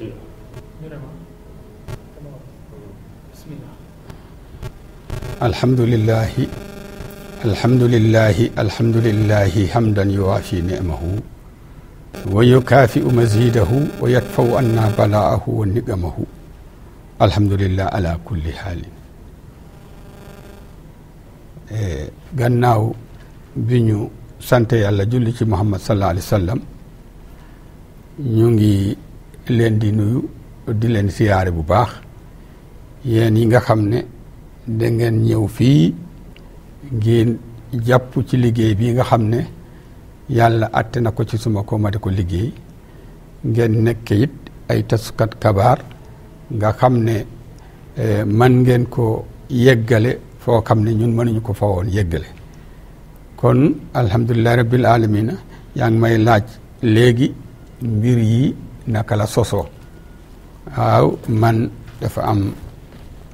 si alhamdulilahi alhamdulilahi alhamdulilahi hamdan yuwaafi ni'amahu wa yukaafi'u mazidahu wa yadfa'u anna balaahu wa ni'amahu alhamdulilah ala kulli haalin gannaaw bi ñu sant yàlla julli Muhammad sallallahu alayhi wa ñu ngi leen di nuyu di leen siyaare bu baax yéen yi nga xam ne da ñëw fii ngeen jàpp ci liggéey bi nga xam ne yàlla atte na ko ci suma ko ma di ko liggéey ngeen nekk it ay tasukat kabaar nga xam ne eh, man ngeen ko yeggale foo xam ne ñun mënuñu ko fa woon yeggale kon alhamdulilahi rabbil alamina yaa ngi may laaj léegi mbir yi naka la soso aw man dafa am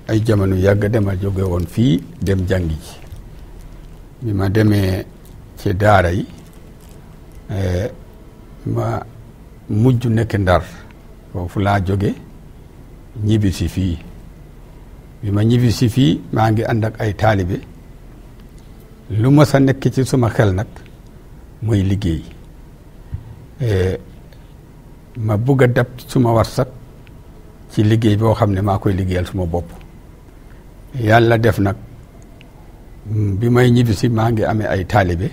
ay jamono yàgg dama jóge woon fii dem jàngi ji bi ma demee ci daara yi eh, ma mujj nekk ndar foofu laa jóge ñibbi fii bi ma ñibbi fii maa ngi ànd ak ay taalibe lu ma sa nekk ci suma xel nag mooy liggéey eh, ma bugg a dab suma warsak ci liggéey boo xam ne maa koy liggéeyal suma bopp yàlla def nag mm, bi may ñibbisi maa ngi amee ay taalibe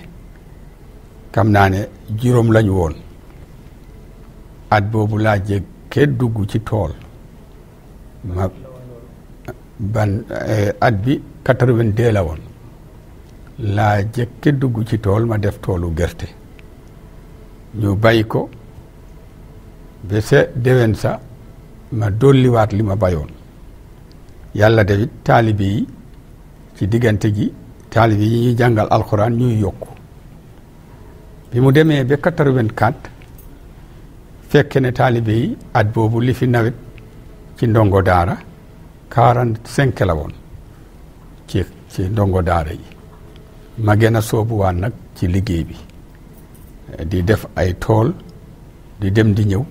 xam naa ne juróom lañu woon at boobu laa jëkkee dugg ci tool ma ban eh, at bi quatre vingt la woon laa jëkke dugg ci tool ma def toolu gerte ñu bay ko ba sa déwén sa ma dolliwaat li ma bayoon yàlla dawit taalibe yi ci diggante gi taalibe yi ñuy jàngal alxuraan ñuy yokku bi mu demee ba quatre-vingt-quatre fekke ne taalibe yi at boobu li fi nawet ci ndongo daara quarante cinq la woon ci ndongo daara yi ma gën a soobuwaat nag ci liggéey bi di def ay tool di dem di ñëw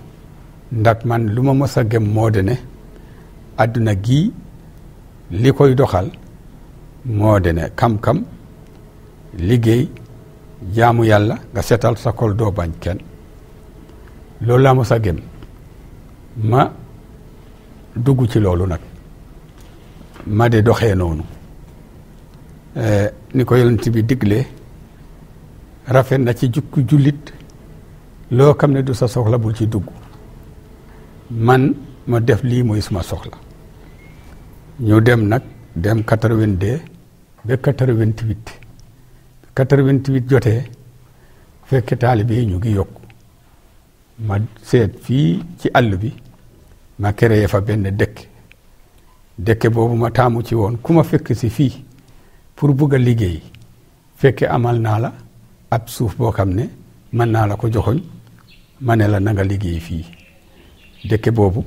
ndax man lu ma mës a gëm moo de ne adduna gii li koy doxal moo de ne kam-kam liggéey jaamu yàlla nga setal sa xol doo bañ kenn loolu laa mës a gëm ma dugg ci loolu nag ma de doxee noonu eh, ni ko yonent bi diglee rafet na ci jukki jullit loo xam ne du sa soxla bul ci dugg man ma def lii mooy suma soxla ñu dem nag dem quatre-vingt-deux ba quatre-vingt-huit quatre vingt taalibe ñu ngi yokku ma seet fii ci àll bi ma créé fa benn dëkk dëkk boobu ma taamu ci woon ku ma fekk si fii pour bugg a liggéey fekke amal naa la ab suuf boo xam ne mën naa la ko joxoñ ma ne la na nga liggéey fii dëkk boobu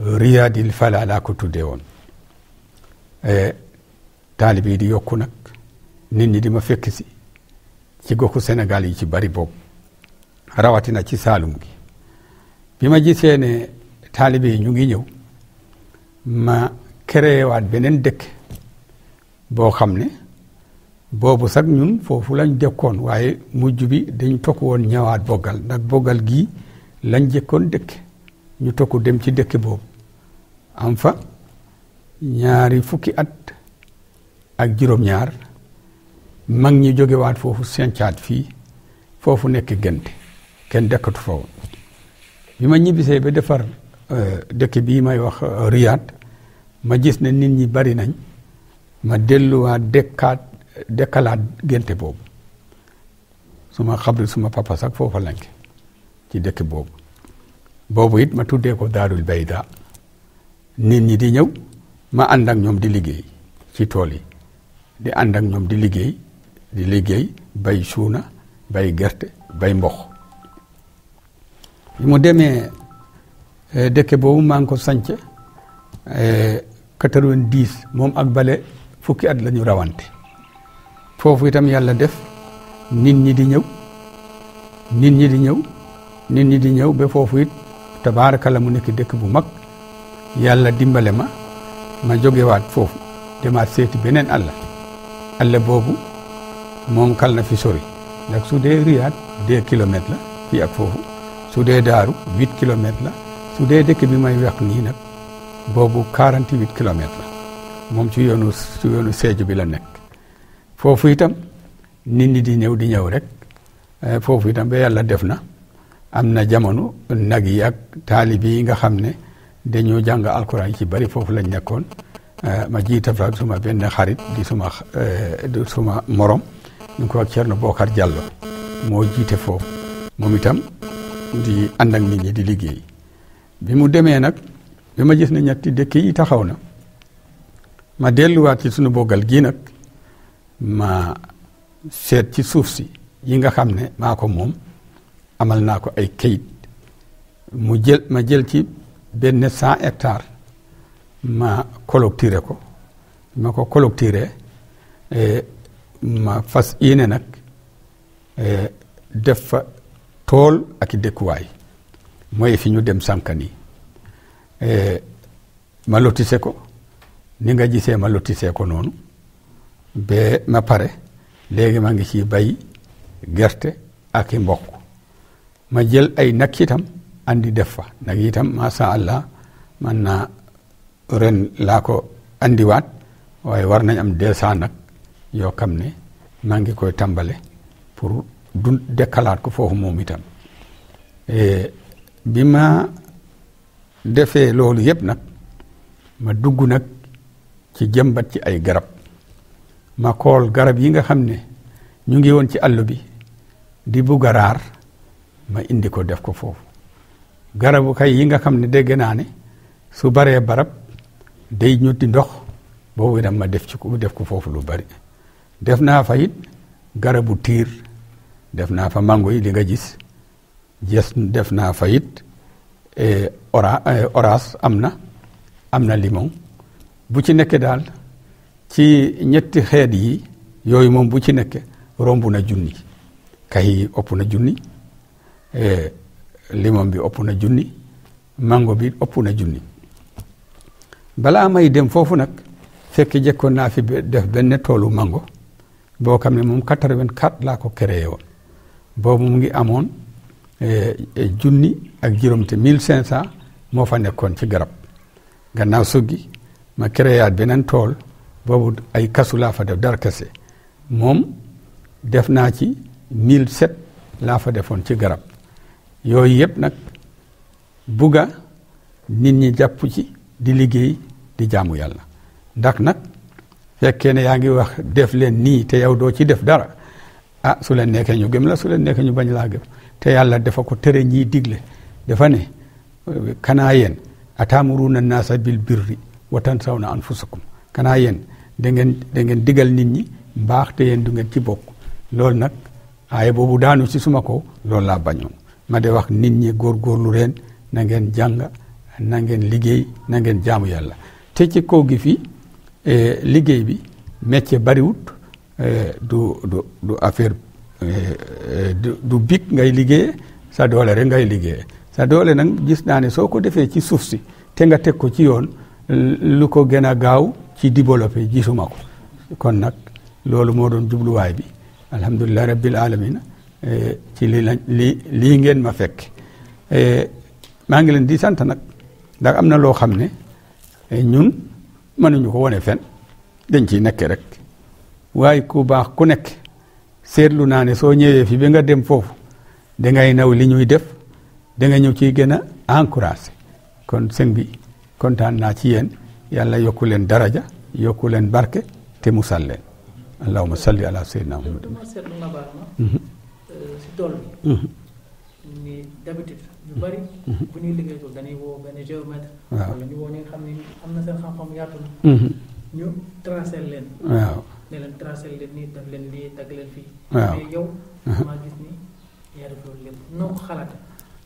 Riyadil Fala laa ko tuddee woon e, taalib yi di yokku nag nit ñi di ma fekk si ci goxu senegal yi ci bari boobu rawatina ci Saalum gi bi ma gisee ne taalib yi ñu ngi ñëw ma créé waat beneen dëkk boo xam ne boobu sax ñun foofu lañ dëkkoon waaye mujj bi dañ toog woon ñëwaat boggal ndax boggal gii lañ jëkkoon dëkk ñu tokku dem ci dëkk boobu am fa ñaari fukki at ak juróom-ñaar mag ñi jógewaat foofu sencaat fii foofu nekk gente kenn dekkatu fa woon bi ma ñibbisee ba defar euh, dëkk bii may wax euh, riyaat ma gis ne nit ñi bari nañ ma delluwaat dëkkaat dëkkalaat gente boobu su ma xabri suma papa sax foofa ci dëkk boobu boobu it ma tuddee ko daarul bayda nit ñi di ñëw ma ànd ak ñoom di liggéey ci tool yi di ànd ak ñoom di liggéey di liggéey bay suuna bay gerte bay mboq bi mu demee eh, dëkk boobu maa ngi ko sànce eh, quatre-vingt-dix moom ak bale fukki at la ñu rawante foofu itam yàlla def nit ñi di ñëw nit ñi di ñëw nit ñi di ñëw ba foofu it tabaarakala mu nekk dëkk bu mag yàlla dimbale ma ma jógewaat foofu demaat seeti beneen àll àll boobu moom kal na fi sori ndax su dee Riyad deux kilomètres la fii ak foofu su dee Daaru huit kilomètres la su dee dëkk bi may wax nii nag boobu quarante huit kilomètres la moom ci yoonu ci yoonu bi la nekk foofu itam nit ñi di ñëw di ñëw rek eh, foofu itam ba yàlla def na. am na jamono nag yi ak taalib yi nga xam ne dañoo jàng alquran yi ci bari foofu lañ nekkoon euh, ma jiita fa suma benn xarit di suma euh, di suma morom ñu ko wax Cerno Bokar Diallo moo jiite foofu moom itam di ànd ak ñi di liggéey bi mu demee nag bi ma gis ne ñetti dëkk yi taxaw na ma delluwaat ci sunu boggal gii nag ma seet ci suuf si yi nga xam ne maa ko moom amal naa ko ay kayit mu jël ma jël ci benn cent hectare ma collecté ko ma ko collecté eh, ma fas yéene nag eh, def fa tool ak dëkkuwaay mooy fi ñu dem Sankani eh, ma lotissé ko ni nga gisee ma lotissé ko noonu ba ma pare léegi ma ngi ci bay gerte ak i mbokk ma jël ay nag yitam andi def fa nag itam macha allah man naa ren laa ko andiwaat waaye war nañ am deux cent nag yoo xam ne maa ngi koy tàmbale pour du dekkalaat ko foofu moom itam e, bi ma defee loolu yëpp nag ma dugg nag ci jëmbat ci ay garab ma xool garab yi nga xam ne ñu ngi woon ci àll bi di bugg a ma indi ko def ko foofu garabu kay yi nga xam ne dégg naa ne su baree barab day ñutti ndox boobu itam ma def ci ko def ko foofu lu bari def naa fa it garabu tiir def naa fa mango yi li nga gis jes def naa fa it eh, ora eh, am na am na limon bu ci nekke daal ci ñetti xeet yi yooyu moom bu ci nekke romb na junni kay ëpp na junni Eh, limon bi ëpp na junni mango bi ëpp na junni balaa may dem foofu nag fekk jëkkoon naa fi def benn toolu mango boo xam ne moom 84 laa ko créé woon boobu mu ngi amoon eh, junni ak juróom te 1500 moo fa nekkoon ci garab gannaaw suggi ma créé beneen tool boobu ay kasu laa fa def dara kese moom def naa ci 1007 laa fa defoon ci garab yooyu yëpp nag buga nit ñi jàpp ci di liggéey di jaamu yàlla ndax nag fekkee ne yaa ngi wax def leen nii te yow doo ci def dara ah su leen nekkee ñu gëm la su leen nekkee ñu bañ laa gëm te yàlla defa ko tere ñiy digle dafa ne kanaa yéen ataamuruna naasa bil birri wa tansawna anfusakum kanaa yéen da ngeen da digal nit ñi mbaax te yéen du ngeen ci bokk loolu nag aaye boobu daanu ci suma ko loolu laa bañoon ma de wax nit ñi góorgóorlu leen na ngeen jàng nangeen liggéey nangeen ngeen jaamu yàlla te ci kaw gi fii eh, liggéey bi métier bariwut eh, du du du affaire eh, du big ngay liggéey sa doole rek ngay liggéey sa doole nag gis naa ne soo ko defee ci suuf si te nga teg ko ci yoon lu ko gën a gaaw ci développé gisuma ko kon nag loolu moo doon jubluwaay bi alhamdulilah rabbil alamin Eh, ci lii lañ li lii ngeen ma fekk eh, maa ngi leen di sant nag ndax am na loo xam ne eh, ñun mënuñu ko wone fen dañ ciy nekke rek waaye ku baax ku nekk seetlu naa ne soo ñëwee fi bi nga dem foofu dangay naw li ñuy def danga ñëw ci gën a encouragé kon sëñ bi kontaan naa ci yéen yàlla yokku leen daraja yokku leen barke te musal leen allahumma salli ala sayyidina si tool bi. ni d'habitude ñu bari bu ñuy liggéeyul dañuy woo benn géomètre. waaw wala leen. waaw ne leen tracer leen nii daf leen lii dagg leen fii. waaw mais gis ni yaa def loolu lépp noo xalaat.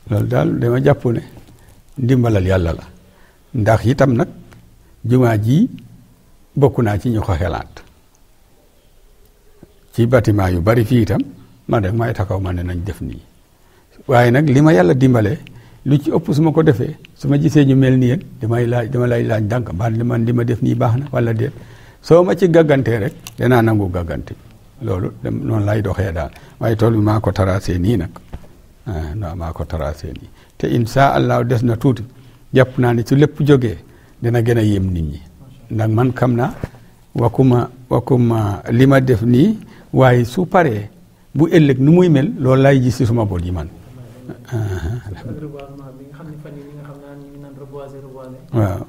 loolu daal dama jàpp ne ndimbalal yàlla la ndax itam nag jumaa ji bokk naa ci ñu ko xelaat ci bâtiment yu bari fii itam. man rek maay taxaw ma ne nañ def nii waaye nag li ma yàlla dimbale lu ci ëpp su ma ko defee su ma gisee ñu mel ni yéen damay lay laaj ndànk mbaa li man li ma def nii baax na wala déet soo ma ci gàggantee rek danaa nangu gàggante loolu noonu lay doxee daal waaye tool bi maa ko tracé nii nag ah, non maa ko tracé nii te insha allah des na tuuti jàpp naa ne su lépp joge dina gën a yem nit ñi ndax man xam naa wakuma wakuma li ma def nii waaye su paree bu ëllëg nu muy mel loolu laay gis ci suma bol yi man. waaw.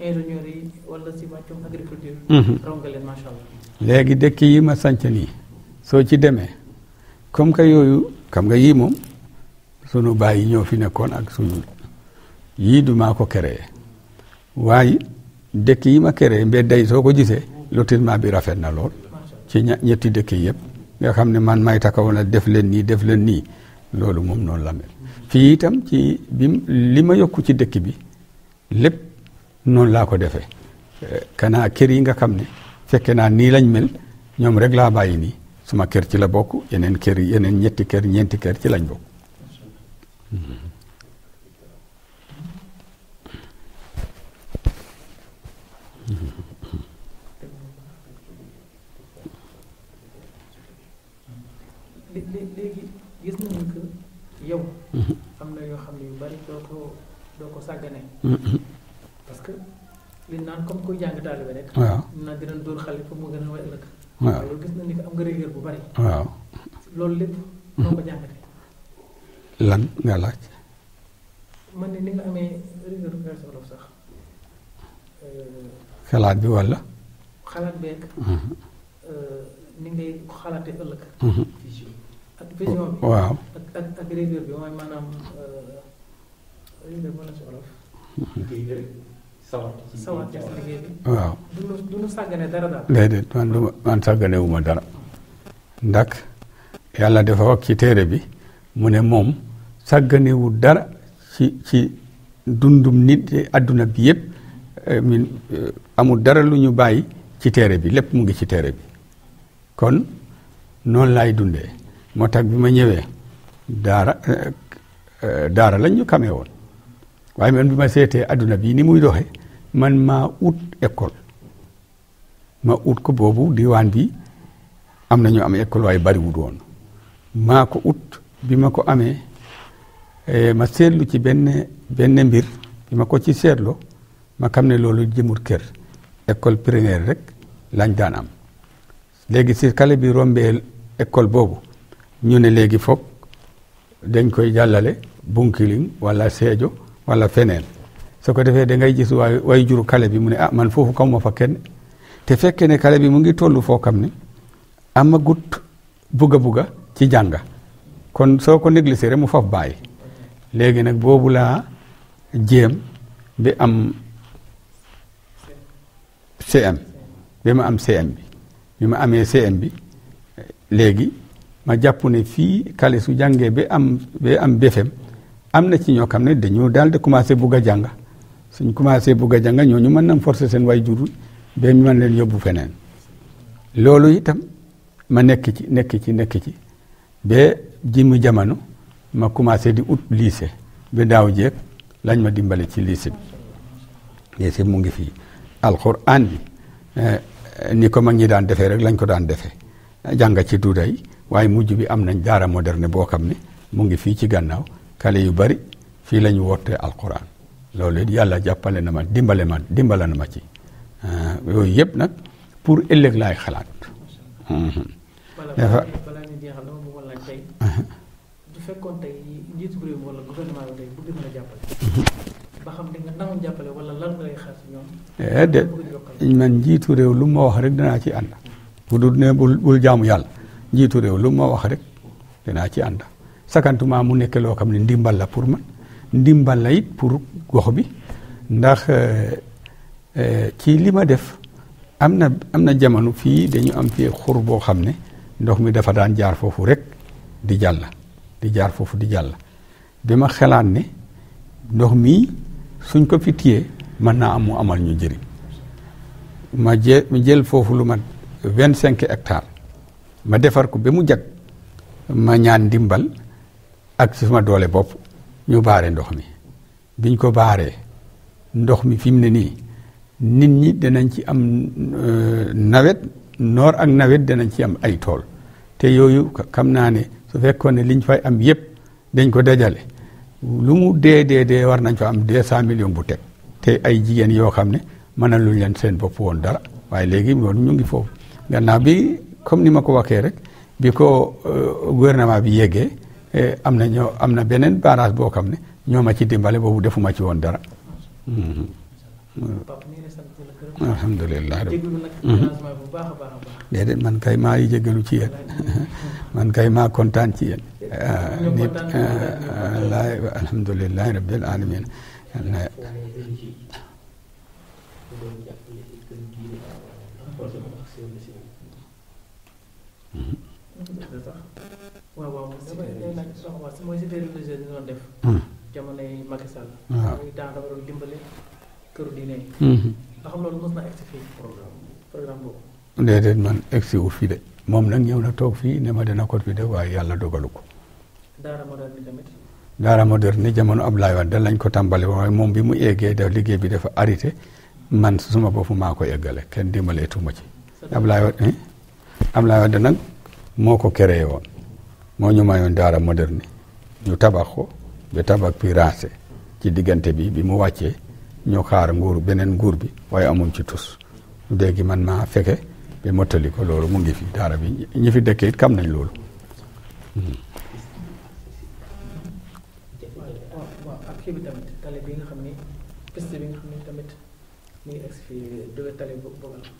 ingénieur yi mhm. léegi dëkk yi ma sance nii soo ci demee comme que yooyu xam nga yii moom sunu baay yi ñoo fi nekkoon ak sunu yii du maa ko créé waaye dëkk yi ma créé mbedd yi soo ko gisee lotissement bi rafet na lool ci ñetti dëkk yëpp nga xam ne man may takaw na def leen nii def leen nii loolu moom noonu la mel mhm. fii itam ci bi li ma yokku ci dëkk bi lépp. noonu laa ko defe kanaa kër yi nga xam ne fekke naa nii lañ mel ñoom rek laa bàyyi nii suma kër ci la bokk yeneen kër yeneen ñetti kër ñeenti kër ci lañ bokk mm-hmm. doo ko sàggane mm-hmm. li naan comme kuy jàng taalibe rek. waaw na dinañ dóor xale pour mu gën a way ëllëg. waaw loolu gis na ni am nga rigueur bu bari. waaw loolu lépp. noo ko jàngatee. lan nga laaj. man ni nga amee rigueur bu personne euh, xalaat bi walla. xalaat beeg. Mhm. Euh, ni ngay ëllëg. Mhm. bi. waaw ak maanaam euh, rigueur mën na si olof. waaw. déedéet man ma man sàgganewu dara. ndak yàlla defa wax ci téere bi mu ne moom sàgganewul dara ci ci dundum nit adduna bi yépp eh, min eh, amul dara lu ñu bàyyi ci téere bi lépp mu ngi ci téere bi kon noonu laay dundee moo tax bi ma ñëwee daara eh, daara lañ ñu kamee woon. waaye man bi ma seetee adduna bii ni muy doxe man maa ut école ma ut ko boobu diwaan bi am na ñu am école waaye bariwut woon maa ko ut bi ma ko amee eh, ma seetlu ci benn benn mbir bi ma ko ci seetlu ma xam ne loolu jëmul kër école primaire rek lañ daan am léegi si xale bi rombee école boobu ñu ne léegi foog dañ koy jàllale Bunkiling walla Sédhiou wala feneen soo ko defee da ngay gis waay way juru bi mu ne ah man foofu kaw ma fa kenn te fekkee ne xale bi mu ngi toll foo xam ne amagut buga buga ci jànga kon soo ko négligé rek mu faf bàyyi léegi nag boobu laa jéem bi am CM bi ma am CM bi ma amee CM bi léegi ma jàpp ne fii xale su jàngee ba am ba am na ci ñoo xam ne dañoo daal di commencé bugg a jàng suñ commencé bugg a jàng ñooñu mën nañ forcer seen way jur ba ñu mën leen yóbbu feneen loolu itam ma nekk ci nekk ci nekk ci ba jimu mu jamono ma commencé di ut lycée ba daaw jeeg lañ ma dimbale ci lycée bi lycée mu ngi fii alxuraan bi eh, ni ko mag ñi daan defee rek lañ ko daan defee jàng ci duuday waaye mu bi am nañ daara moderne boo xam ne mu ngi fii ci gannaaw kale yu bari fii la ñu wootee alquran loolu yàlla jàppale na ma dimbale ma dimbale na ma ci euh, yooyu yëpp nag pour ëllëg lay xalaat. Mhm. dafa balaa mhm. njiitu réew mhm. eh, man njiitu réew lu ma wax rek danaa ci ànd. bu dul ne bul bul jaamu yàlla njiitu réew lu ma wax rek danaa ci ànd. sakantuma mu nekk loo xam ne ndimbal la pour man ndimbal la it pour gox bi ndax eh, eh, ci li ma def amna amna am fi, jamono fii dañu am fii xur boo xam ne ndox mi dafa daan jaar foofu rek di jàll di jaar foofu di jàll bi ma ne ndox mi suñ ko fi téyee mën naa amu amal ñu jëriñ ma jël jël foofu lu mat vingt cinq hectares ma defar ko ba mu ma ñaan ndimbal ak suma doole bopp ñu baare ndox mi biñ ko baaree ndox mi fi mu ne nii nit ñi danañ ci am euh, nawet noor ak nawet danañ ci am ay tool te yooyu xam naa ne su fekkoon ne liñ fay am yëpp dañ ko dajale lu mu dee dee dee war nañ fa am deux cent million bu teg te ay jigéen yoo xam ne mëna luñ leen seen bopp woon dara waaye léegi loolu ñu ngi foofu gannaaw bi comme ni ma ko waxee rek bi ko euh, gouvernement bi yeggee Eh, am na ñoo am na beneen barrage boo xam ne ñoo ma ci dimbale boobu defuma ci woon dara. Mm-hmm. alhamdulilah. Mm-hmm. déedéet man kay maa yi kontaan ci yéen. Ah, nit waaw waaw dama lay hmm. hmm. fii man egg si de moom nag ñëw na toog fii ne ma dana ko fi def waaye yàlla dogalu ko. Daara moderne tamit. Daara moderne jamono da lañ ko tàmbali waaye moom bi mu eggee da liggéey bi dafa arrêté man suma bopp maa ko eggale kenn dimbaleetuma ci. Hmm? Abdoulaye Wade Abdoulaye Wade moo ko créé woon. moo ñu mayoon daara moderne ñu tabax ko ba tabax bi rancé ci diggante bi bi mu wàccee ñu xaar nguur beneen nguur bi waaye amuñ ci tus léegi man maa fekke ba mottali ko loolu mu ngi fi daara bi ñi fi dëkkee it xam nañ loolu. Hmm.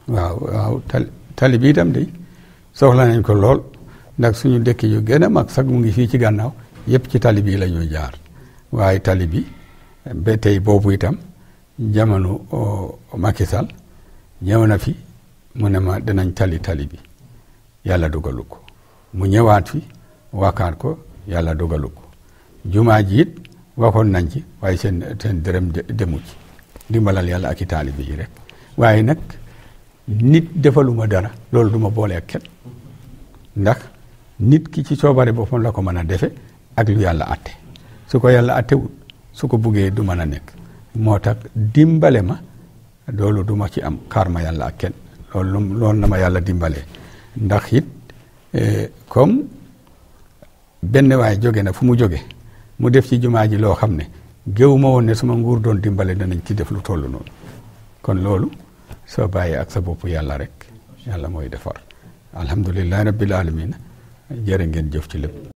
waaw tali tali bi itam de soxla nañ ko lool. ndax suñu dëkk yu gën a mag sag mu ngi fii ci gànnaaw yëpp ci tali bi la ñuy jaar waaye tali bi ba tey boobu itam jamono makisal ñëw na fi mu ne ma danañ tali tali bi yàlla dugalu ko mu ñëwaat fi wakaat ko yàlla dugalu ko jumaa ji it waxoon nañ ci waaye seen seen dërëm demu ci dimbalal yàlla ak itaali bi yi rek waaye nag nit defaluma dara loolu du ma booleeg kenn ndax nit ki ci coobare boppam la ko mën a defe ak lu yàlla atte su ko yàlla attewul su ko buggee du man a nekk moo tax dimbale ma loolu duma ci am xaar ma yàlla ak kenn loolu loolu na ma yàlla dimbalee ndax it eh, comme benn waay jóge na fu mu jóge mu def ci jumaa ji loo xam ne géew woon ne suma nguur doon dimbale na danañ ci def lu toll noonu kon loolu soo bàyyee ak sa boppu yàlla rek yàlla mooy defar alhamdulillahi rabbil alamin jërë ngeen jëf ci lépp